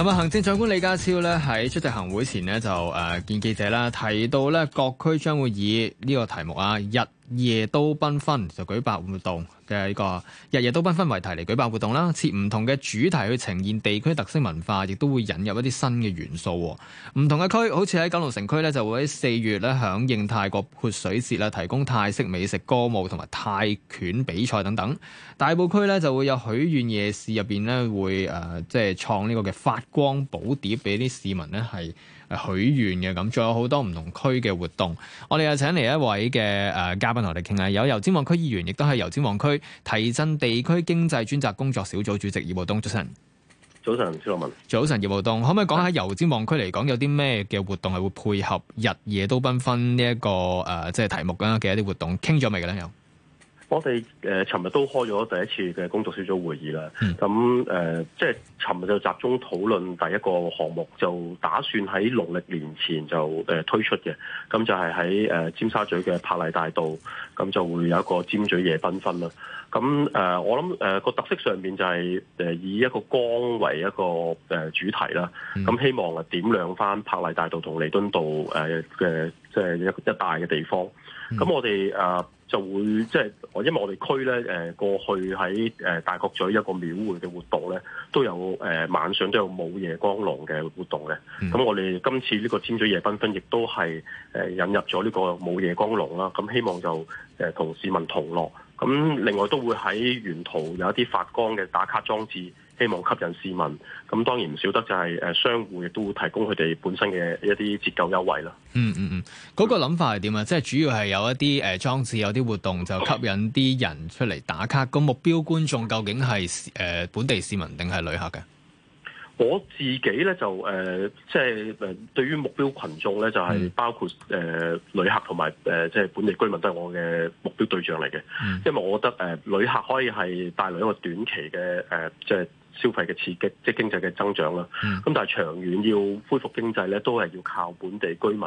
咁啊，行政長官李家超呢喺出席行會前呢就呃見記者啦，提到呢各區將會以呢個題目啊一夜都繽紛就舉辦活動嘅呢個日夜都繽紛為題嚟舉辦活動啦，設唔同嘅主題去呈現地區特色文化，亦都會引入一啲新嘅元素。唔同嘅區，好似喺九龍城區呢，就會喺四月咧響應泰國潑水節啦，提供泰式美食、歌舞同埋泰拳比賽等等。大埔區呢，就會有許願夜市入面呢，會誒即係創呢個嘅發光寶碟俾啲市民呢係。許願嘅咁，仲有好多唔同區嘅活動。我哋又請嚟一位嘅誒、呃、嘉賓同我哋傾下。有油尖旺區議員，亦都係油尖旺區提振地區經濟專責工作小組主席葉傲冬。早晨，早晨，朱立文。早晨，葉傲冬，可唔可以講下油尖旺區嚟講有啲咩嘅活動係會配合日夜都繽紛呢、這、一個誒即係題目啦嘅一啲活動？傾咗未嘅咧？我哋誒尋日都開咗第一次嘅工作小組會議啦。咁、mm. 誒、呃，即係尋日就集中討論第一個項目，就打算喺農曆年前就、呃、推出嘅。咁就係喺誒尖沙咀嘅柏麗大道，咁就會有一個尖咀夜繽紛啦。咁誒、呃，我諗誒、呃、個特色上面就係以一個光為一個、呃、主題啦。咁、mm. 希望啊點亮翻柏麗大道同彌敦道誒嘅即係一一帶嘅地方。咁我哋啊～、mm. 呃就會即係我，因為我哋區咧誒過去喺誒大角咀一個廟會嘅活動咧，都有誒、呃、晚上都有舞夜光龍嘅活動嘅。咁、嗯、我哋今次呢個尖咀夜繽紛，亦都係誒引入咗呢個舞夜光龍啦。咁希望就誒同市民同樂。咁另外都會喺沿途有一啲發光嘅打卡裝置，希望吸引市民。咁當然唔少得就係誒商戶亦都會提供佢哋本身嘅一啲折扣優惠啦。嗯嗯嗯，嗰、嗯嗰個諗法係點啊？即係主要係有一啲誒裝置，有啲活動就吸引啲人出嚟打卡。個目標觀眾究竟係誒、呃、本地市民定係旅客嘅？我自己咧就誒，即係誒，對於目標群眾咧就係、是、包括誒、呃、旅客同埋誒，即、呃、係、就是、本地居民都係我嘅目標對象嚟嘅、嗯。因為我覺得誒、呃，旅客可以係帶來一個短期嘅誒，即、呃、係、就是、消費嘅刺激，即、就、係、是、經濟嘅增長啦。咁、嗯、但係長遠要恢復經濟咧，都係要靠本地居民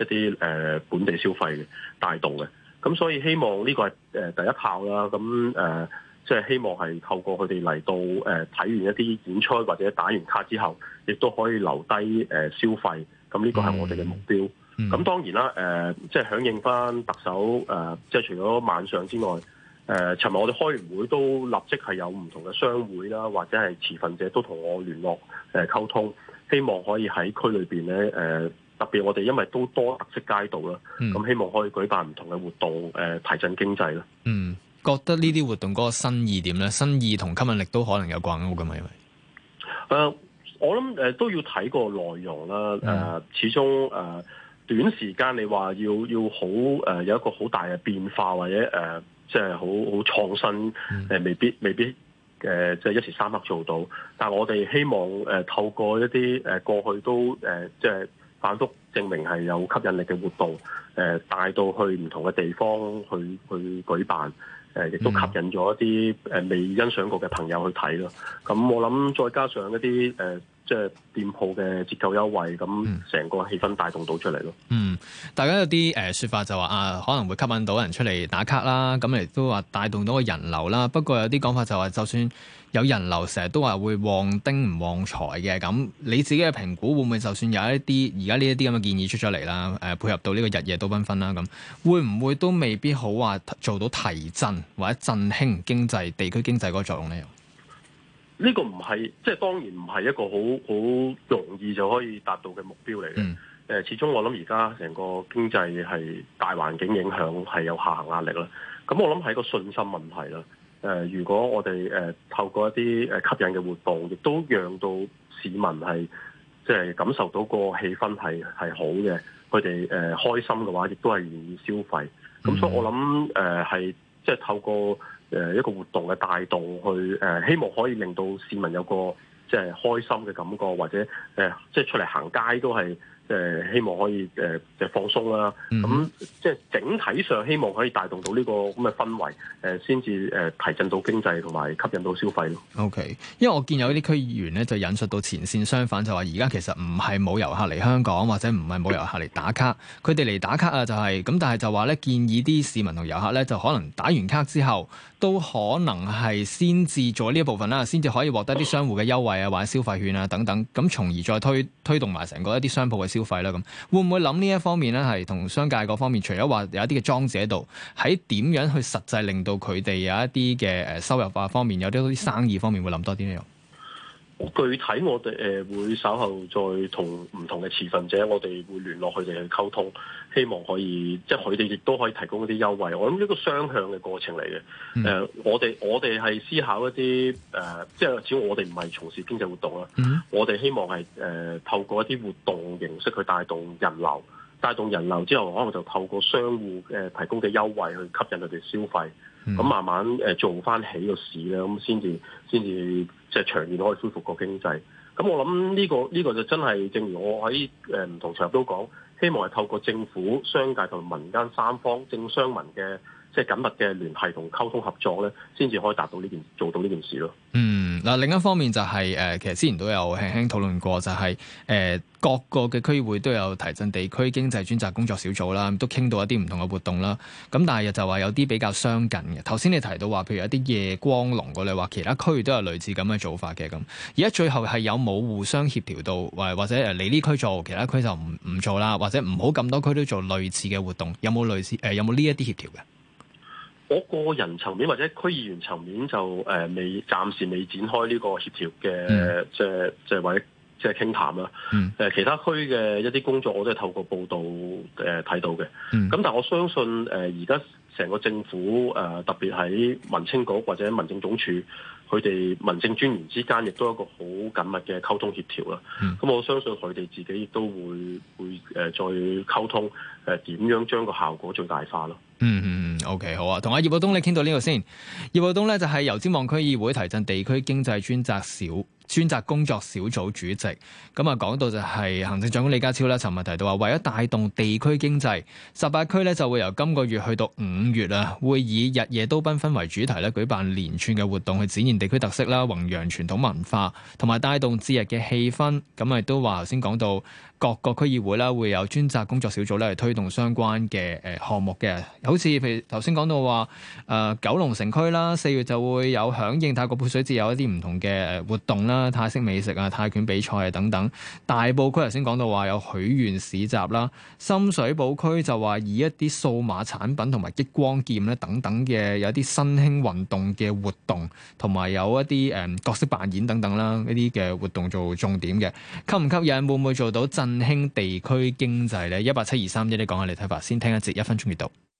一啲誒、呃、本地消費嘅帶動嘅。咁所以希望呢個係、呃、第一炮啦，咁誒。呃即、就、係、是、希望係透過佢哋嚟到誒睇、呃、完一啲演出或者打完卡之後，亦都可以留低誒、呃、消費。咁呢個係我哋嘅目標。咁、嗯嗯、當然啦，誒即係響應翻特首誒，即、呃、係、就是、除咗晚上之外，誒尋日我哋開完會都立即係有唔同嘅商會啦，或者係持份者都同我聯絡誒、呃、溝通，希望可以喺區裏邊咧誒，特別我哋因為都多特色街道啦，咁、嗯、希望可以舉辦唔同嘅活動誒、呃，提振經濟啦。嗯。嗯。覺得呢啲活動嗰個新意點咧，新意同吸引力都可能有掛鈎噶嘛？因為誒，我諗誒、呃、都要睇個內容啦。誒、嗯呃，始終誒、呃、短時間你話要要好誒、呃、有一個好大嘅變化或者誒即係好好創新誒、嗯呃，未必未必誒即係一時三刻做到。但係我哋希望誒、呃、透過一啲誒、呃、過去都誒即係反覆證明係有吸引力嘅活動誒、呃，帶到去唔同嘅地方去去舉辦。誒亦都吸引咗一啲誒未欣賞過嘅朋友去睇咯，咁我諗再加上一啲誒、呃即係店鋪嘅折扣優惠，咁成個氣氛帶動到出嚟咯。嗯，大家有啲誒説法就話啊，可能會吸引到人出嚟打卡啦，咁亦都話帶動到個人流啦。不過有啲講法就話，就算有人流，成日都話會旺丁唔旺財嘅。咁你自己嘅評估會唔會就算有一啲而家呢一啲咁嘅建議出咗嚟啦？誒，配合到呢個日夜都繽紛啦，咁會唔會都未必好話做到提振或者振興經濟地區經濟嗰個作用咧？呢個唔係，即係當然唔係一個好好容易就可以達到嘅目標嚟嘅。誒、嗯，始終我諗而家成個經濟係大環境影響係有下行壓力啦。咁我諗係個信心問題啦。誒、呃，如果我哋誒、呃、透過一啲誒吸引嘅活動，亦都讓到市民係即係感受到個氣氛係係好嘅，佢哋誒開心嘅話，亦都係願意消費。咁所以我諗誒係即係透過。誒一個活動嘅帶動，去誒希望可以令到市民有個即係開心嘅感覺，或者誒即係出嚟行街都係。誒希望可以誒即放鬆啦，咁即係整體上希望可以帶動到呢個咁嘅氛圍，誒先至誒提振到經濟同埋吸引到消費咯。O K，因為我見有啲區議員咧就引述到前線，商販就話而家其實唔係冇遊客嚟香港，或者唔係冇遊客嚟打卡，佢哋嚟打卡啊，就係咁，但係就話咧建議啲市民同遊客咧就可能打完卡之後都可能係先至做呢一部分啦，先至可以獲得啲商戶嘅優惠啊，或者消費券啊等等，咁從而再推推動埋成個一啲商鋪嘅消。消費啦，咁會唔會諗呢一方面咧？係同商界各方面，除咗話有一啲嘅裝置喺度，喺點樣去實際令到佢哋有一啲嘅誒收入化方面，有啲生意方面會諗多啲嘢。我具體我哋呃會稍後再同唔同嘅持份者，我哋會聯絡佢哋去溝通，希望可以即係佢哋亦都可以提供一啲優惠。我諗一個雙向嘅過程嚟嘅。mm -hmm. 呃。我哋我哋係思考一啲、呃、即係只要我哋唔係從事經濟活動啦，mm -hmm. 我哋希望係、呃、透過一啲活動形式去帶動人流。帶動人流之後，可能就透過商戶嘅提供嘅優惠去吸引佢哋消費，咁、嗯、慢慢誒做翻起個市咧，咁先至先至即係長遠可以恢復個經濟。咁我諗呢個呢個就真係正如我喺誒唔同場合都講，希望係透過政府、商界同民間三方政、商、民嘅即係緊密嘅聯繫同溝通合作咧，先至可以達到呢件做到呢件事咯。嗯。啊，另一方面就係誒，其實之前都有輕輕討論過，就係誒，各個嘅區議會都有提振地區經濟專責工作小組啦，都傾到一啲唔同嘅活動啦。咁但係就話有啲比較相近嘅。頭先你提到話，譬如一啲夜光龍嗰類，話其他區都有類似咁嘅做法嘅咁。而家最後係有冇互相協調到，或或者你呢區做，其他區就唔唔做啦，或者唔好咁多區都做類似嘅活動，有冇類似誒，有冇呢一啲協調嘅？我個人層面或者區議員層面就誒未，呃、暫時未展開呢個協調嘅，即係即係或者即係傾談啦。誒、mm. 呃、其他區嘅一啲工作我都係透過報道誒睇，呃、到嘅。咁、mm. 但係我相信誒而家，呃成個政府誒、呃，特別喺民青局或者民政總署，佢哋民政專員之間，亦都有一個好緊密嘅溝通協調啦。咁、嗯、我相信佢哋自己亦都會會誒再溝通誒點、呃、樣將個效果最大化咯。嗯嗯 o、OK, k 好啊，同阿葉寶東你傾到呢個先。葉寶東咧就係由尖旺區議會提振地區經濟專責小。專責工作小組主席。咁啊，講到就係行政長官李家超咧，尋日提到話，為咗帶動地區經濟，十八區咧就會由今個月去到五月啊，會以日夜都繽紛為主題咧，舉辦連串嘅活動去展現地區特色啦，弘揚傳統文化，同埋帶動節日嘅氣氛。咁啊，亦都話頭先講到。各個區議會啦，會有專責工作小組咧嚟推動相關嘅誒項目嘅。好似譬如頭先講到話，誒、呃、九龍城區啦，四月就會有響應泰國潑水節有一啲唔同嘅誒活動啦，泰式美食啊、泰拳比賽啊等等。大埔區頭先講到話有許願市集啦，深水埗區就話以一啲數碼產品同埋激光劍咧等等嘅有一啲新興運動嘅活動，同埋有一啲誒、嗯、角色扮演等等啦，呢啲嘅活動做重點嘅，吸唔吸引？會唔會做到震？振興地區經濟咧，17231, 一八七二三一，你講下你睇法，先聽一節一分鐘閱讀。